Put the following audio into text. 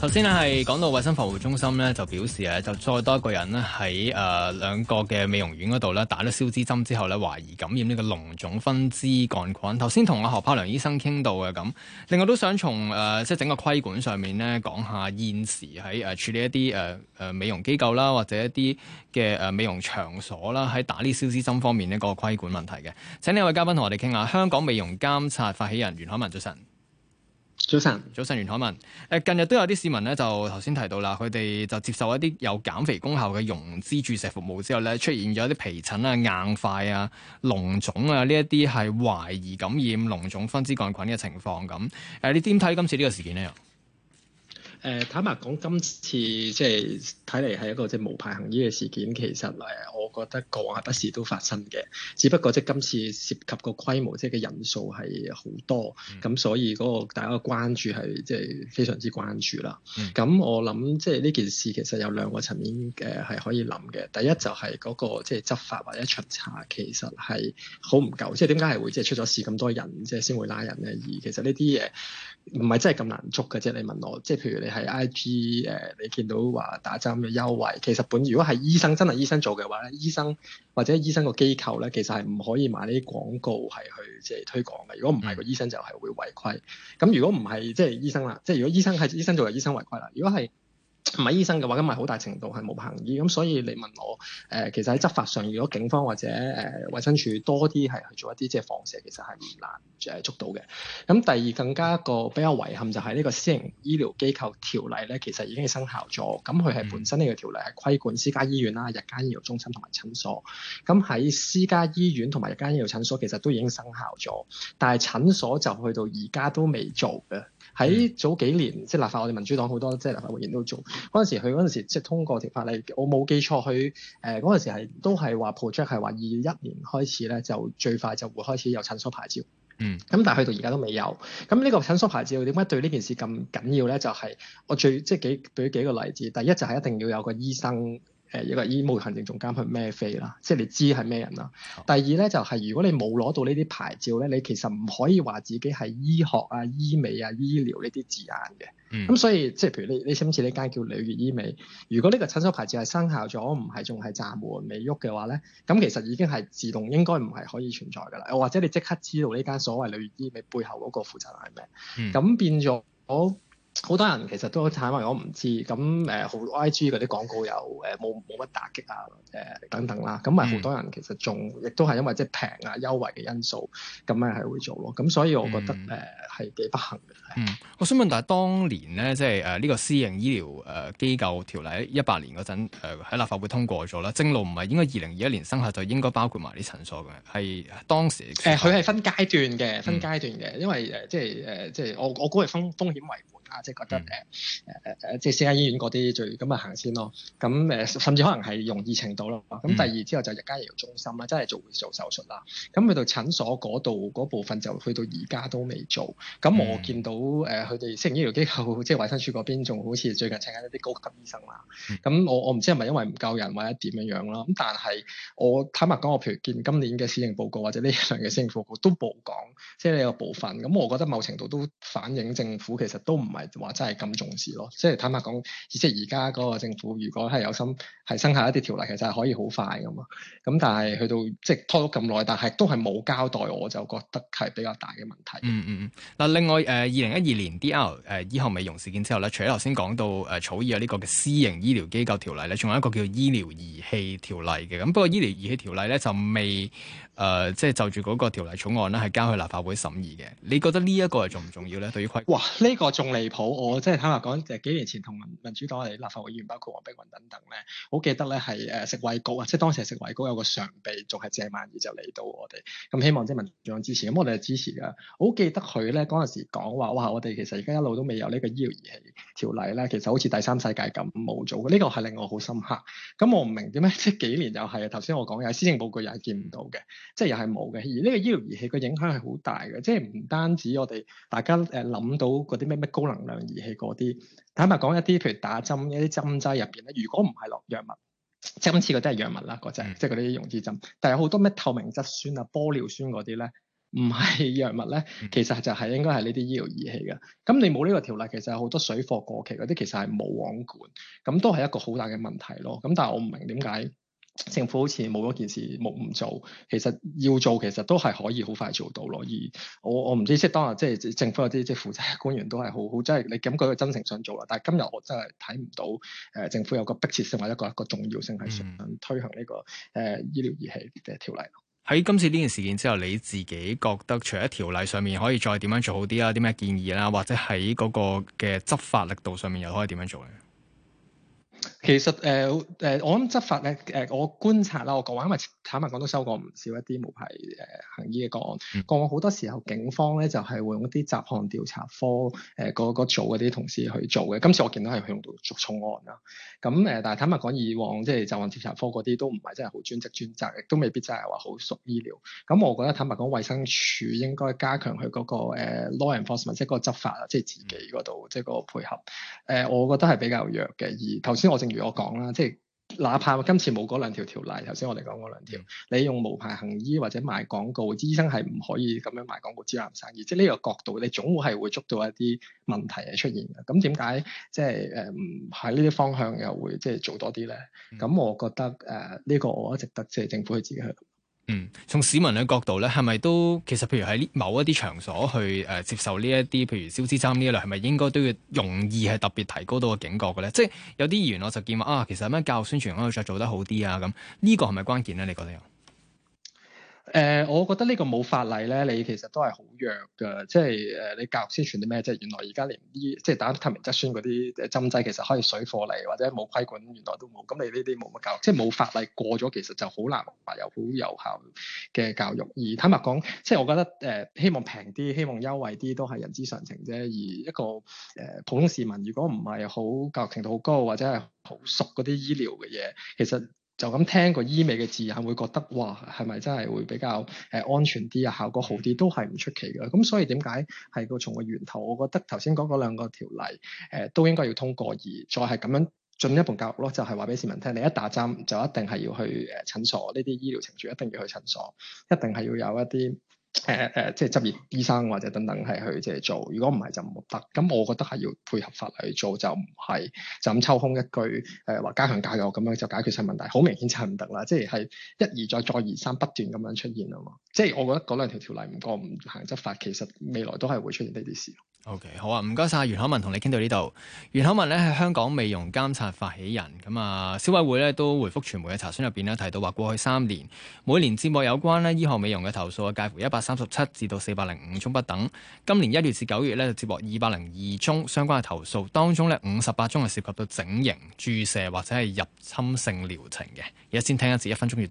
首先咧係講到衞生防護中心呢，就表示咧就再多一個人呢，喺誒兩個嘅美容院嗰度呢，打咗消脂針之後呢，懷疑感染呢個膿腫分枝桿菌。頭先同阿何柏良醫生傾到嘅咁，另外都想從誒即係整個規管上面呢，講下現時喺誒處理一啲誒誒美容機構啦或者一啲嘅誒美容場所啦喺打呢消脂針方面呢個規管問題嘅。請呢位嘉賓同我哋傾下，香港美容監察發起人袁海文，早晨。早晨，早晨，袁海文。誒、呃，近日都有啲市民咧，就頭先提到啦，佢哋就接受一啲有減肥功效嘅溶脂注射服務之後咧，出現咗啲皮疹啊、硬塊啊、膿腫啊呢一啲係懷疑感染膿腫分枝桿菌嘅情況咁。誒、呃，你點睇今次呢個事件呢？誒，坦白講，今次即係睇嚟係一個即係無牌行醫嘅事件，其實誒，我覺得個不時都發生嘅，只不過即係今次涉及個規模，即係嘅人數係好多，咁所以嗰個大家嘅關注係即係非常之關注啦。咁我諗即係呢件事其實有兩個層面誒係可以諗嘅。第一就係嗰個即係執法或者巡查其實係好唔夠，即係點解係會即係出咗事咁多人即係先會拉人咧？而其實呢啲嘢唔係真係咁難捉嘅，即係你問我，即係譬如你。喺 I P 誒，IG，你見到話打針嘅優惠，其實本如果係醫生真係醫生做嘅話咧，醫生或者醫生個機構咧，其實係唔可以買呢啲廣告係去即係推廣嘅。如果唔係，個醫生就係會違規。咁如果唔係即係醫生啦，即係如果醫生係醫生做嘅，醫生違規啦。如果係。唔係醫生嘅話，咁咪好大程度係冇行醫，咁所以你問我，誒、呃、其實喺執法上，如果警方或者誒衞、呃、生署多啲係去做一啲即係放蛇，其實係唔難誒捉到嘅。咁第二更加一個比較遺憾就係呢個私營醫療機構條例咧，其實已經生效咗。咁佢係本身呢個條例係規管私家醫院啦、日間醫療中心同埋診所。咁喺私家醫院同埋日間醫療診所，其實都已經生效咗，但係診所就去到而家都未做嘅。喺早幾年，嗯、即係立法，我哋民主黨好多即係立法會議員都做。嗰陣時，佢嗰陣時即係通過條法例，我冇記錯，佢誒嗰陣時係都係話 project 係話二一年開始咧，就最快就會開始有診所牌照。嗯。咁但係去到而家都未有。咁呢個診所牌照點解對呢件事咁緊要咧？就係、是、我最即係幾舉幾個例子。第一就係一定要有個醫生。誒一個醫務行政總監去孭飛啦，即係你知係咩人啦。第二咧就係、是、如果你冇攞到呢啲牌照咧，你其實唔可以話自己係醫學啊、醫美啊、醫療呢啲字眼嘅。咁、嗯、所以即係譬如你你似唔似呢間叫裏月醫美？如果呢個診所牌照係生效咗，唔係仲係暫緩未喐嘅話咧，咁其實已經係自動應該唔係可以存在㗎啦。又或者你即刻知道呢間所謂裏月醫美背後嗰個負責人係咩？嗯。咁變咗。好多人其實都坦白，我唔知。咁、嗯、誒，好 I G 嗰啲廣告又誒冇冇乜打擊啊，誒、呃、等等啦、啊。咁咪好多人其實仲亦都係因為即係平啊、優惠嘅因素，咁咪係會做咯。咁所以我覺得誒係幾不幸嘅、嗯。我想問，但係當年咧，即係誒呢個私營醫療誒機構條例一八年嗰陣喺立法會通過咗啦。正路唔係應該二零二一年生效，就應該包括埋啲診所嘅，係當時誒佢係分階段嘅，分階段嘅，嗯、因為誒即係誒即係我我估係分風險為本即係覺得誒誒誒誒，即係私家醫院嗰啲最咁啊行先咯。咁誒、呃、甚至可能係容易程度咯。咁第二、嗯、之後就日間醫療中心啦，真係做做手術啦。咁去到診所嗰度嗰部分就去到而家都未做。咁我見到誒佢哋私營醫療機構即係衛生署嗰邊仲好似最近請緊一啲高級醫生啦。咁、嗯、我我唔知係咪因為唔夠人或者點樣樣啦。咁但係我坦白講，我譬如見今年嘅施政報告或者呢一輪嘅施政報告都冇講，即係呢個部分。咁我覺得某程度都反映政府其實都唔係。話真係咁重視咯，即係坦白講，即係而家嗰個政府，如果係有心係生效一啲條例，其實係可以好快㗎嘛。咁、嗯、但係去到即係拖咗咁耐，但係都係冇交代，我就覺得係比較大嘅問題。嗯嗯嗯。嗱、嗯，另外誒，二零一二年 DR 誒、呃、醫學美容事件之後咧，除咗頭先講到誒、呃、草擬啊呢個嘅私營醫療機構條例咧，仲有一個叫醫療儀器條例嘅。咁不過醫療儀器條例咧就未誒，即、呃、係就住、是、嗰個條例草案咧係交去立法會審議嘅。你覺得呢一個係重唔重要咧？對於規，哇，呢個仲離譜！好，我即係坦白講，就幾年前同民民主黨嘅立法會議員，包括黃碧雲等等咧，好記得咧係誒食衞局，啊，即係當時係食衞局有個常秘，仲係謝萬義就嚟到我哋，咁希望即係民主黨支持，咁我哋係支持噶。好記得佢咧嗰陣時講話，哇！我哋其實而家一路都未有呢個醫療儀器條例咧，其實好似第三世界咁冇做嘅，呢個係令我好深刻。咁我唔明點解即係幾年又係頭先我講嘅，施政報告又係見唔到嘅，即係又係冇嘅。而呢個醫療儀器嘅影響係好大嘅，即係唔單止我哋大家誒諗到嗰啲咩咩高能儀器嗰啲，坦白講一啲，譬如打針一啲針劑入邊咧，如果唔係落藥物，針刺嗰啲係藥物啦，嗰隻即係嗰啲溶脂針，但係好多咩透明質酸啊、玻尿酸嗰啲咧，唔係藥物咧，其實就係應該係呢啲醫療儀器嘅。咁你冇呢個條例，其實有好多水貨過期嗰啲，其實係冇王管，咁都係一個好大嘅問題咯。咁但係我唔明點解。政府好似冇嗰件事冇唔做，其實要做其實都係可以好快做到咯。而我我唔知，即係當日即係政府有啲即係負責官員都係好好，即係你感覺佢真誠想做啦。但係今日我真係睇唔到誒、呃，政府有個迫切性或者一個一個重要性係想，想推行呢個誒、呃、醫療儀器嘅條例。喺、嗯、今次呢件事件之後，你自己覺得除咗條例上面可以再點樣做好啲啊？啲咩建議啦，或者喺嗰個嘅執法力度上面又可以點樣做咧？其實誒誒、呃呃，我諗執法咧誒、呃，我觀察啦，我講話，因為坦白講都收過唔少一啲無牌誒、呃、行醫嘅個案，過往好多時候警方咧就係、是、會用一啲集控調查科誒、呃那個、那個組嗰啲同事去做嘅。今次我見到係用到重案啦，咁、啊、誒，但係坦白講以往即係集控調查科嗰啲都唔係真係好專職專責，亦都未必真係話好熟醫療。咁我覺得坦白講，衛生署應該加強佢嗰、那個 law enforcement，即係嗰個執法啊，即係自己嗰度即係個配合。誒、嗯呃，我覺得係比較弱嘅。而頭先我正。如我講啦，即係哪怕今次冇嗰兩條條例，頭先我哋講嗰兩條，嗯、你用無牌行醫或者賣廣告，醫生係唔可以咁樣賣廣告招攬生意，即係呢個角度，你總會係會捉到一啲問題係出現嘅。咁點解即係誒喺呢啲方向又會即係做多啲咧？咁、嗯、我覺得誒呢、呃這個我一直得即係政府佢自己去。嗯，從市民嘅角度咧，係咪都其實譬如喺某一啲場所去誒、呃、接受呢一啲譬如消脂針呢類，係咪應該都要容易係特別提高到個警覺嘅咧？即係有啲議員我就見話啊，其實有咩教育宣傳可以再做得好啲啊，咁呢個係咪關鍵咧？你覺得有？誒、呃，我覺得呢個冇法例咧，你其實都係好弱噶，即係誒、呃，你教育宣傳啲咩？即係原來而家連啲即係打透明質酸嗰啲針劑其實可以水貨嚟，或者冇規管，原來都冇。咁你呢啲冇乜教育，即係冇法例過咗，其實就好難話又好有效嘅教育。而坦白講，即係我覺得誒、呃，希望平啲，希望優惠啲，都係人之常情啫。而一個誒、呃、普通市民，如果唔係好教育程度好高，或者係好熟嗰啲醫療嘅嘢，其實。就咁聽個醫美嘅字，係會覺得哇，係咪真係會比較誒安全啲啊？效果好啲都係唔出奇嘅。咁所以點解係個從個源頭？我覺得頭先講嗰兩個條例誒、呃、都應該要通過，而再係咁樣進一步教育咯。就係話俾市民聽，你一打針就一定係要去誒診所，呢啲醫療程序一定要去診所，一定係要有一啲。誒誒、呃呃，即係執業醫生或者等等係去即係做，如果唔係就唔得。咁我覺得係要配合法例去做，就唔係就咁抽空一句誒話、呃、加強監察咁樣就解決晒問題，好明顯就係唔得啦。即係係一而再、再而三不斷咁樣出現啊嘛。即係我覺得嗰兩條條例唔過唔行執法，其實未來都係會出現呢啲事。O.K. 好啊，唔該晒袁海文，同你傾到呢度。袁海文呢係香港美容監察發起人，咁啊消委會呢都回覆傳媒嘅查詢入邊呢，提到話過去三年每年接獲有關呢醫學美容嘅投訴啊，介乎一百三十七至到四百零五宗不等。今年一月至九月呢，就接獲二百零二宗相關嘅投訴，當中呢，五十八宗係涉及到整形注射或者係入侵性療程嘅。而家先聽一次，一分鐘閱讀。